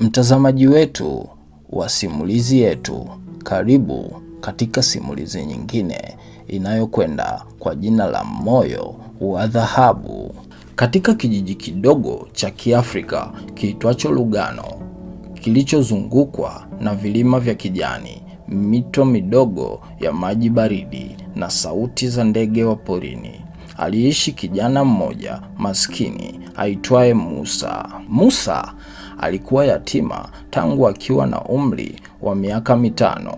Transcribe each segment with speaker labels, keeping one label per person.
Speaker 1: Mtazamaji wetu wa simulizi yetu, karibu katika simulizi nyingine inayokwenda kwa jina la Moyo wa Dhahabu. Katika kijiji kidogo cha Kiafrika kiitwacho Lugano, kilichozungukwa na vilima vya kijani, mito midogo ya maji baridi na sauti za ndege wa porini, aliishi kijana mmoja maskini aitwaye Musa. Musa alikuwa yatima tangu akiwa na umri wa miaka mitano.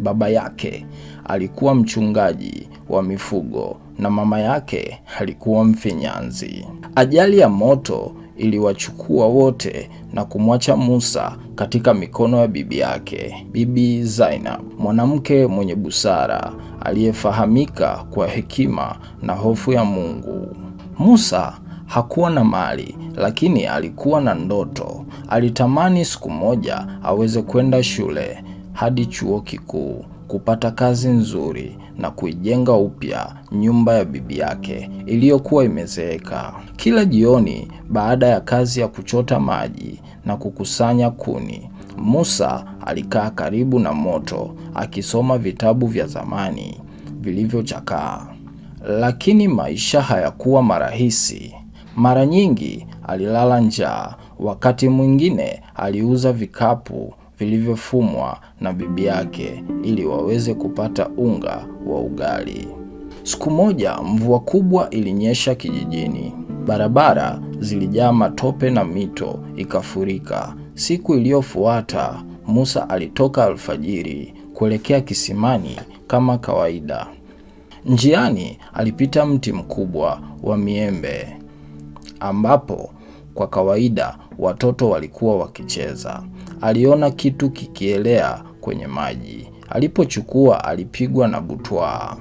Speaker 1: Baba yake alikuwa mchungaji wa mifugo na mama yake alikuwa mfinyanzi. Ajali ya moto iliwachukua wote na kumwacha Musa katika mikono ya bibi yake, Bibi Zainab, mwanamke mwenye busara aliyefahamika kwa hekima na hofu ya Mungu. Musa Hakuwa na mali lakini alikuwa na ndoto. Alitamani siku moja aweze kwenda shule hadi chuo kikuu, kupata kazi nzuri na kuijenga upya nyumba ya bibi yake iliyokuwa imezeeka. Kila jioni baada ya kazi ya kuchota maji na kukusanya kuni, Musa alikaa karibu na moto akisoma vitabu vya zamani vilivyochakaa. Lakini maisha hayakuwa marahisi. Mara nyingi alilala njaa, wakati mwingine aliuza vikapu vilivyofumwa na bibi yake ili waweze kupata unga wa ugali. Siku moja mvua kubwa ilinyesha kijijini. Barabara zilijaa matope na mito ikafurika. Siku iliyofuata Musa alitoka alfajiri kuelekea kisimani kama kawaida. Njiani alipita mti mkubwa wa miembe ambapo kwa kawaida watoto walikuwa wakicheza. Aliona kitu kikielea kwenye maji. Alipochukua alipigwa na butwaa.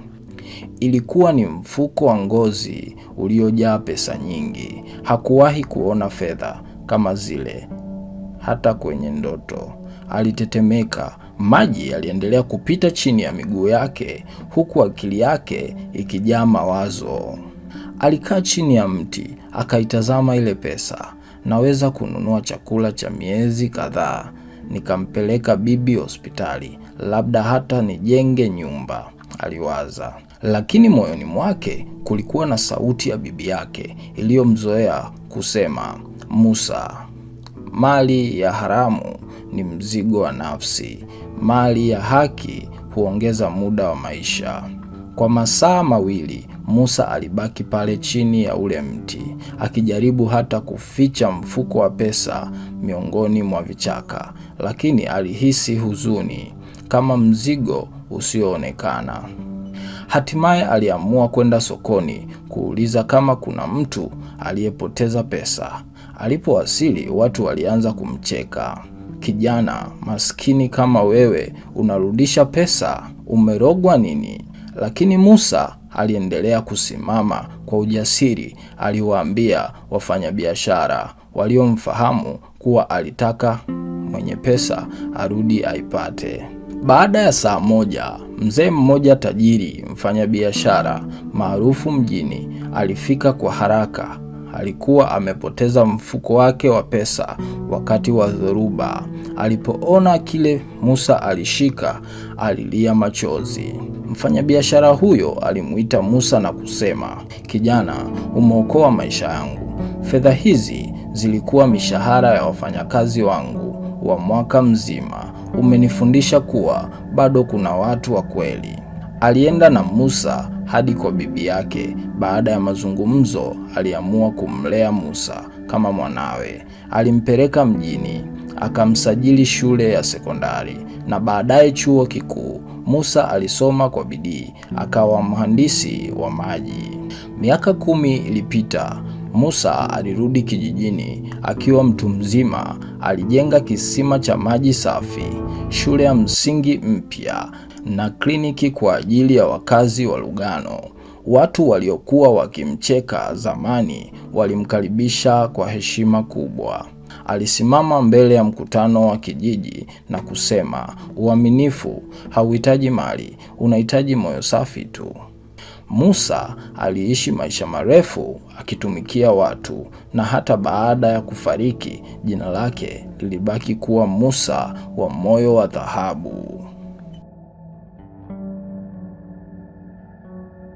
Speaker 1: Ilikuwa ni mfuko wa ngozi uliojaa pesa nyingi. Hakuwahi kuona fedha kama zile hata kwenye ndoto. Alitetemeka. Maji yaliendelea kupita chini ya miguu yake, huku akili yake ikijaa mawazo. Alikaa chini ya mti akaitazama ile pesa. Naweza kununua chakula cha miezi kadhaa, nikampeleka bibi hospitali, labda hata nijenge nyumba, aliwaza. Lakini moyoni mwake kulikuwa na sauti ya bibi yake iliyomzoea kusema, Musa, mali ya haramu ni mzigo wa nafsi, mali ya haki huongeza muda wa maisha. Kwa masaa mawili Musa alibaki pale chini ya ule mti, akijaribu hata kuficha mfuko wa pesa miongoni mwa vichaka, lakini alihisi huzuni kama mzigo usioonekana. Hatimaye aliamua kwenda sokoni kuuliza kama kuna mtu aliyepoteza pesa. Alipowasili, watu walianza kumcheka. Kijana maskini kama wewe unarudisha pesa, umerogwa nini? Lakini Musa aliendelea kusimama kwa ujasiri. Aliwaambia wafanyabiashara waliomfahamu kuwa alitaka mwenye pesa arudi aipate. Baada ya saa moja, mzee mmoja tajiri, mfanyabiashara maarufu mjini, alifika kwa haraka alikuwa amepoteza mfuko wake wa pesa wakati wa dhoruba. Alipoona kile Musa alishika, alilia machozi. Mfanyabiashara huyo alimuita Musa na kusema, kijana, umeokoa maisha yangu. Fedha hizi zilikuwa mishahara ya wafanyakazi wangu wa mwaka mzima. Umenifundisha kuwa bado kuna watu wa kweli. Alienda na Musa hadi kwa bibi yake. Baada ya mazungumzo, aliamua kumlea Musa kama mwanawe. Alimpeleka mjini, akamsajili shule ya sekondari na baadaye chuo kikuu. Musa alisoma kwa bidii, akawa mhandisi wa maji. Miaka kumi ilipita. Musa alirudi kijijini akiwa mtu mzima. Alijenga kisima cha maji safi, shule ya msingi mpya na kliniki kwa ajili ya wakazi wa Lugano. Watu waliokuwa wakimcheka zamani walimkaribisha kwa heshima kubwa. Alisimama mbele ya mkutano wa kijiji na kusema, uaminifu hauhitaji mali, unahitaji moyo safi tu. Musa aliishi maisha marefu akitumikia watu na hata baada ya kufariki jina lake lilibaki kuwa Musa wa moyo wa dhahabu.